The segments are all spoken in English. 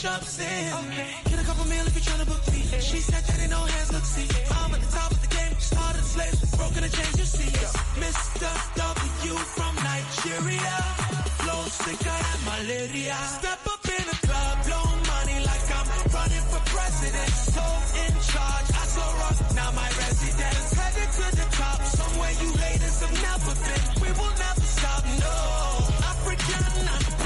push-ups in. Okay. Get a couple meal if you're trying to book me. She said that ain't no hands, look, see. I'm at the top of the game. Started slaves, broken the chains, you see. Mr. W from Nigeria. Flow sicker than malaria. Step up in the club, blow money like I'm running for president. So in charge, I saw rock, now my residence. Headed to the top, somewhere you haters have never been. We will never stop, no. African, I'm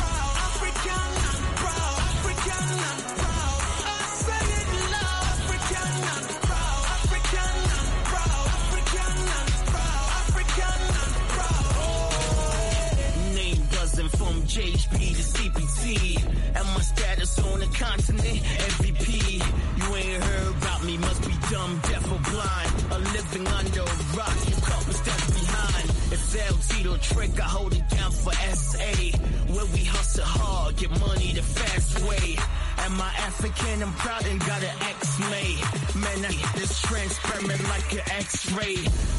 continent. MVP, you ain't heard about me. Must be dumb, deaf or blind. Or living under a rock, you couple steps behind. It's LT Tito Trick, I hold it down for SA. Where we hustle hard, get money the fast way. Am I African? I'm proud and got an X-May. Man, I, this transparent like an X-ray.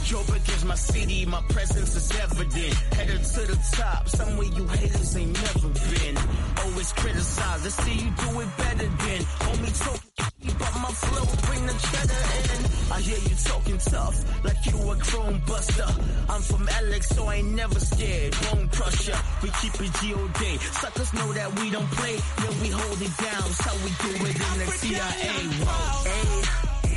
Joburg is my city, my presence is evident. Headed to the top, somewhere you haters ain't never been. Always criticized, I see you do it better than homie talk my flow, bring the cheddar in. I hear you talking tough, like you a chrome buster. I'm from Alex, so I ain't never scared. Bone crusher, we keep it G.O.D. Suckers know that we don't play, then we hold it down. So we do it in the CIA.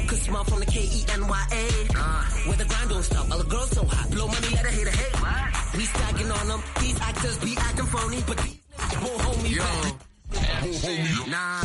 Cause small from the K-E-N-Y-A. Uh, where the grind don't stop, all the girls so hot. Blow money, let a hate a hate. What? We stacking on them. These actors be acting phony, but these niggas won't hold me Yo. back. Nah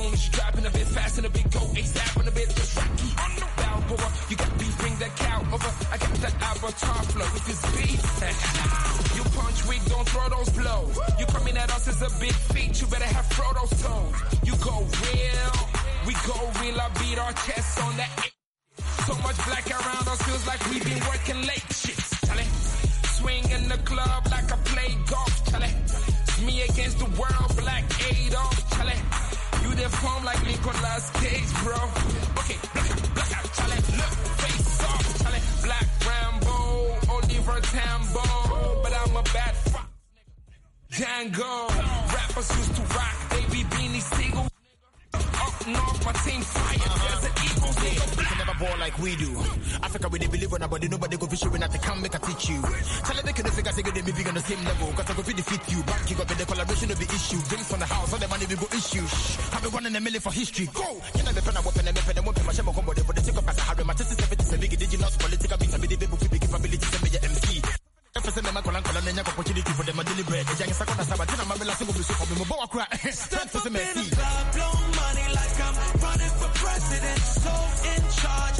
soon as you dropping a bit fast and a bit go ASAP and a bit just rocky. on the no Balboa, you got beef, bring that cow over. I got that avatar flow with this beat. you punch weak, don't throw those blows. You coming at us as a big feat, you better have Frodo's toes. You go real, we go real. I beat our chests on that. So much black around us feels like we've been working late. Nicolas Cage, bro. Okay, black, black out, chale, look, face off, chale, black Rambo, Oliver Tambo, but I'm a bad fox, Django. Rappers used to rock, Baby, beanie single. Up north, my team fire, there's an eagle there ball like we do. Africa, we they believe on nobody, nobody go fish when I can make a teach you. Tell them they can figure they they be on the same level. Cause I go defeat you. Back kick up the collaboration of the issue. Drinks on the house, all the money we go issue. Shh. have been one in a million for history. Go! You know the pen I weapon and the pen and won't be my shame combo. They take up as a harry. My test is 77 big indigenous political beats. I be the people who be capability to be MC. Jefferson and Macaulay and Nanya opportunity for them are deliberate. The young Sakona Sabatina, my relative will be so for me. Stand for the problem, money like so in charge.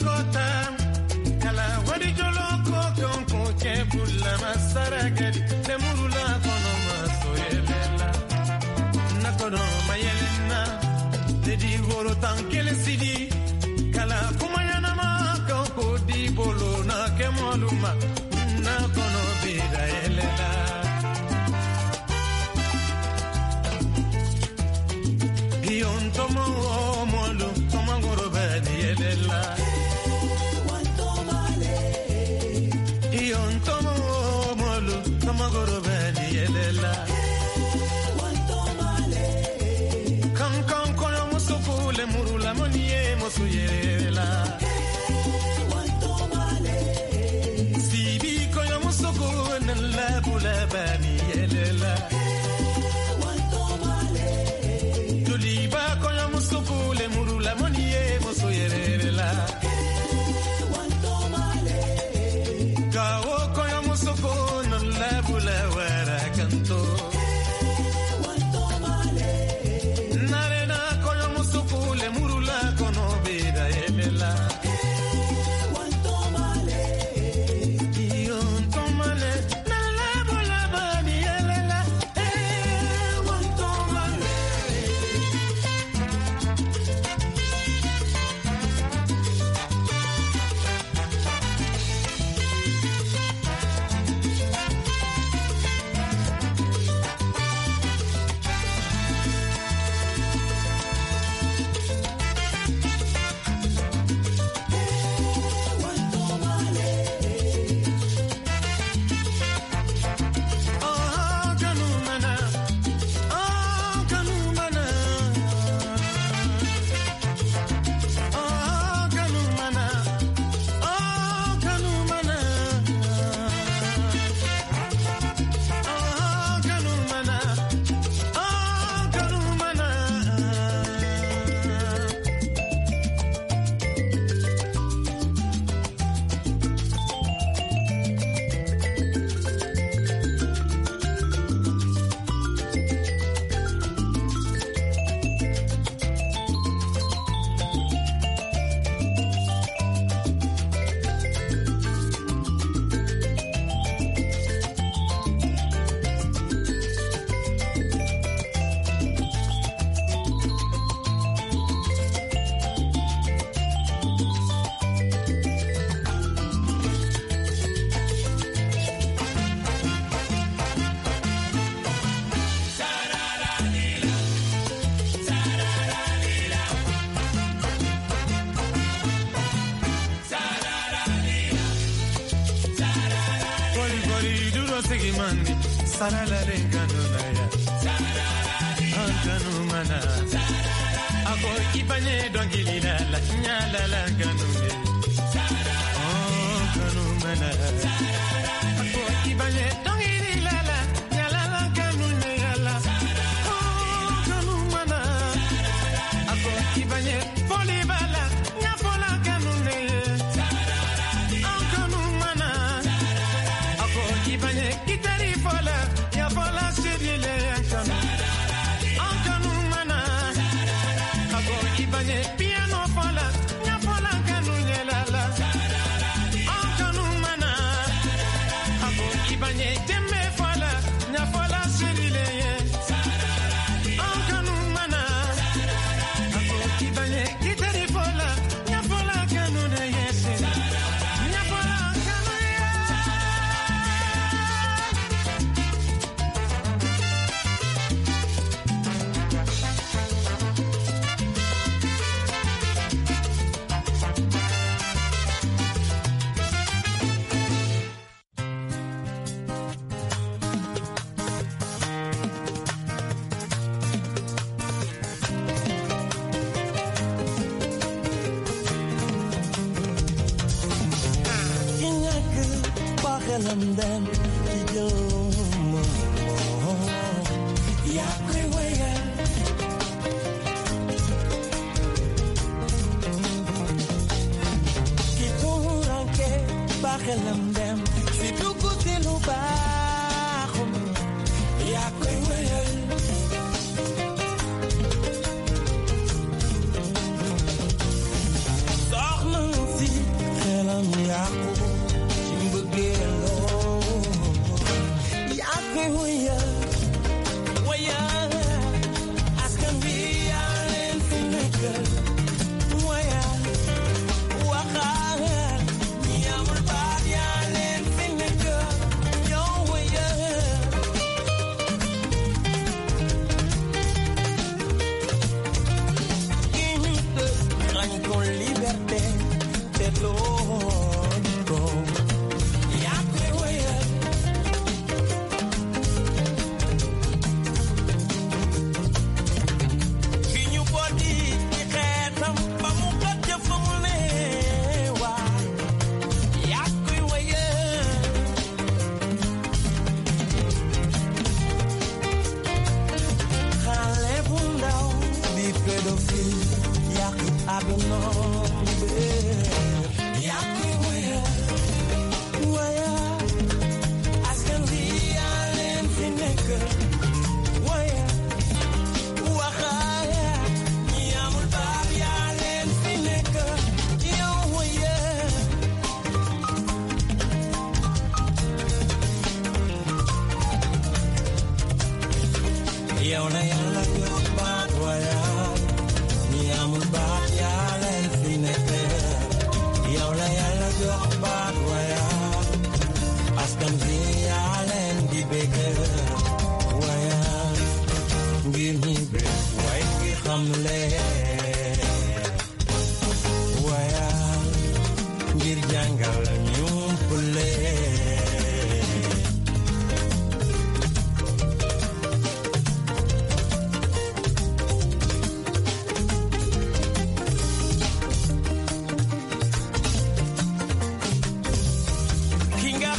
Y y on tomo molo, ver saralare ganunaya antanumana akoki panye dongililala nyalala ganuna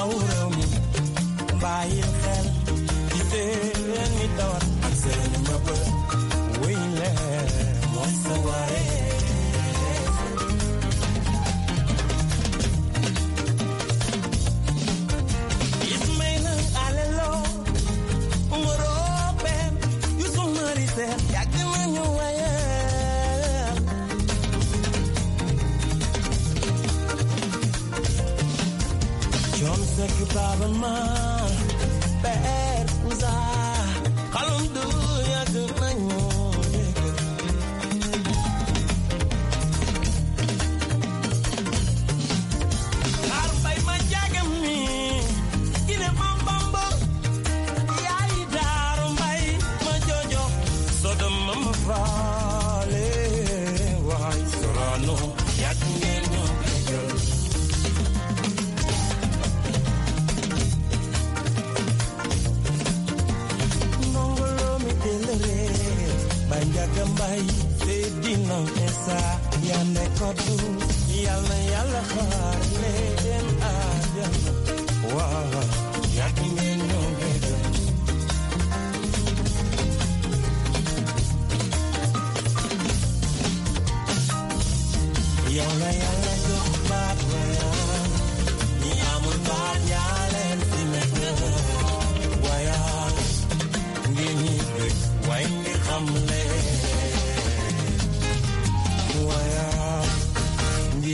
kawuranmu bayan kala Zeki it per uza, kalundu. sa yande kodu yalla yalla xaar leen àjjana waaw yàgg ngeen ñoo ngay dem yow la ba yaa ñi amul baat yaa leen di nekk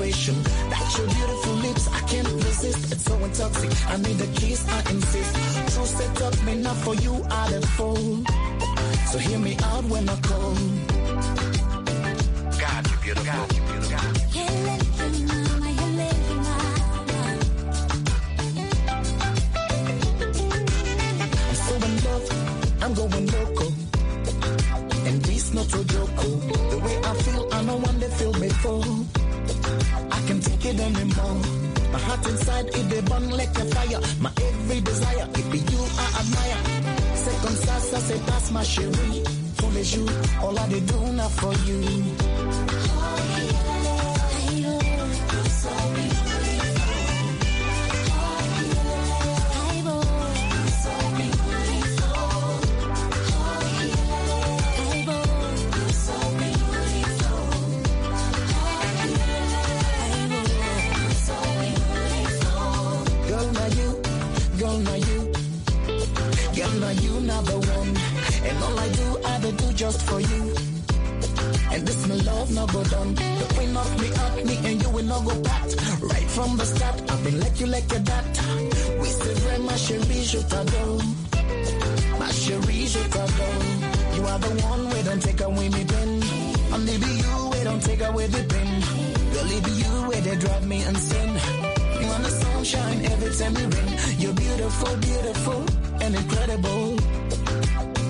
concentration. That's your beautiful lips, I can't resist. It's so intoxicating. I need a kiss, I insist. True set up, me not for you, I will not So hear me out when I come. ça se passe ma chérie. Tous les jours, all I do now for you. Oh, yeah. And all I do, I do, do just for you. And this my love no go done. The queen of me up me and you will not go back. Right from the start, I've been like you like your dad. We still very my chérie, je t'adore. My chérie, je t'adore. You are the one we don't take away me pen. Only be you we don't take away the pain. Girl, it be you where they drive me insane. You want the sunshine every time you rain. You're beautiful, beautiful, and incredible.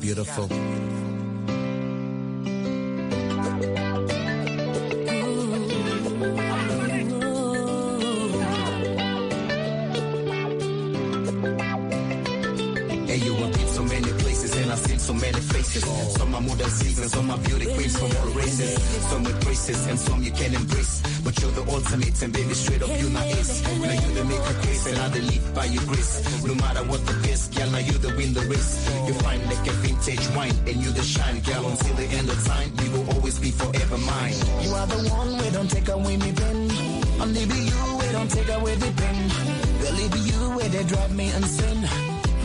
beautiful. faces. Some are modern seasons, some are beauty queens from all races. Some with braces and some you can embrace. But you're the ultimate and baby, straight up you are my ace. Now you the make a grace and I the lead by your grace. No matter what the best, girl, now you the win the race. You find like a vintage wine and you the shine, girl. Until the end of time, you will always be forever mine. You are the one, we don't take away me pen. Only be you, we don't take away the pen. Only be you, where they drive me insane.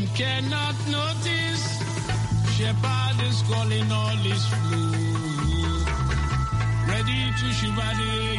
Them cannot notice. Shepherd is calling all his flock. Ready to shiver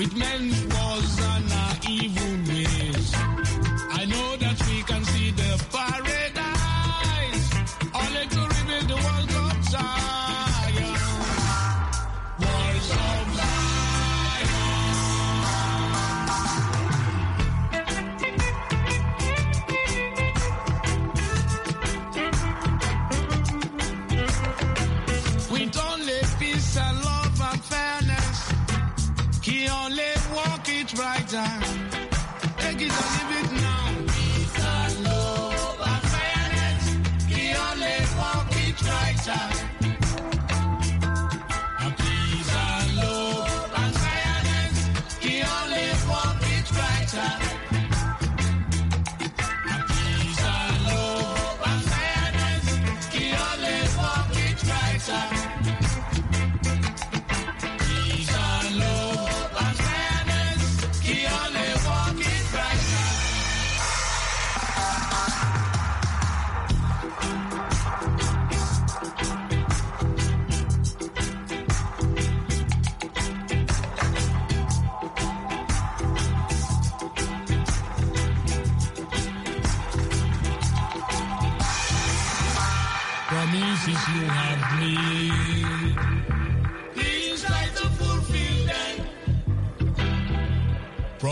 with men's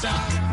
time.